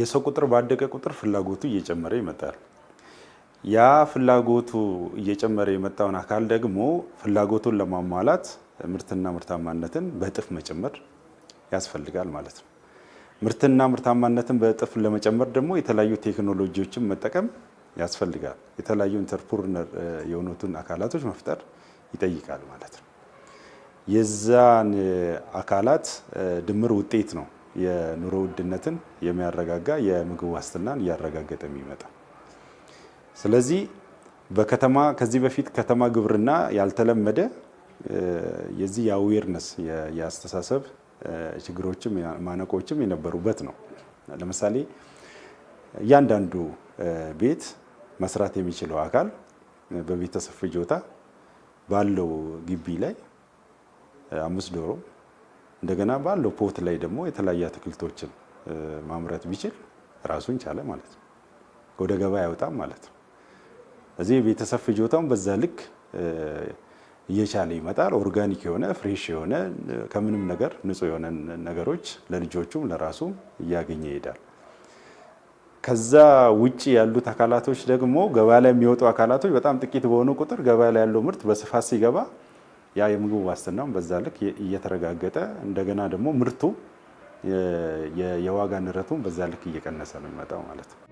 የሰው ቁጥር ባደገ ቁጥር ፍላጎቱ እየጨመረ ይመጣል። ያ ፍላጎቱ እየጨመረ የመጣውን አካል ደግሞ ፍላጎቱን ለማሟላት ምርትና ምርታማነትን በእጥፍ መጨመር ያስፈልጋል ማለት ነው። ምርትና ምርታማነትን በእጥፍ ለመጨመር ደግሞ የተለያዩ ቴክኖሎጂዎችን መጠቀም ያስፈልጋል። የተለያዩ ኢንተርፕርነር የሆኑትን አካላቶች መፍጠር ይጠይቃል ማለት ነው። የዛን አካላት ድምር ውጤት ነው የኑሮ ውድነትን የሚያረጋጋ የምግብ ዋስትናን እያረጋገጠ የሚመጣ ስለዚህ በከተማ ከዚህ በፊት ከተማ ግብርና ያልተለመደ የዚህ የአዌርነስ የአስተሳሰብ ችግሮችም ማነቆችም የነበሩበት ነው። ለምሳሌ እያንዳንዱ ቤት መስራት የሚችለው አካል በቤተሰብ ፍጆታ ባለው ግቢ ላይ አምስት ዶሮ እንደገና ባለው ፖት ላይ ደግሞ የተለያዩ አትክልቶችን ማምረት ቢችል ራሱን ቻለ ማለት ነው። ወደ ገበያ አይወጣም ማለት ነው። እዚህ ቤተሰብ ፍጆታውን በዛ ልክ እየቻለ ይመጣል። ኦርጋኒክ የሆነ ፍሬሽ የሆነ ከምንም ነገር ንጹህ የሆነ ነገሮች ለልጆቹም ለራሱም እያገኘ ይሄዳል። ከዛ ውጭ ያሉት አካላቶች ደግሞ ገበያ ላይ የሚወጡ አካላቶች በጣም ጥቂት በሆኑ ቁጥር ገበያ ላይ ያለው ምርት በስፋት ሲገባ ያ የምግብ ዋስትናውን በዛ ልክ እየተረጋገጠ እንደገና ደግሞ ምርቱ የዋጋ ንረቱን በዛ ልክ እየቀነሰ ነው የሚመጣው ማለት ነው።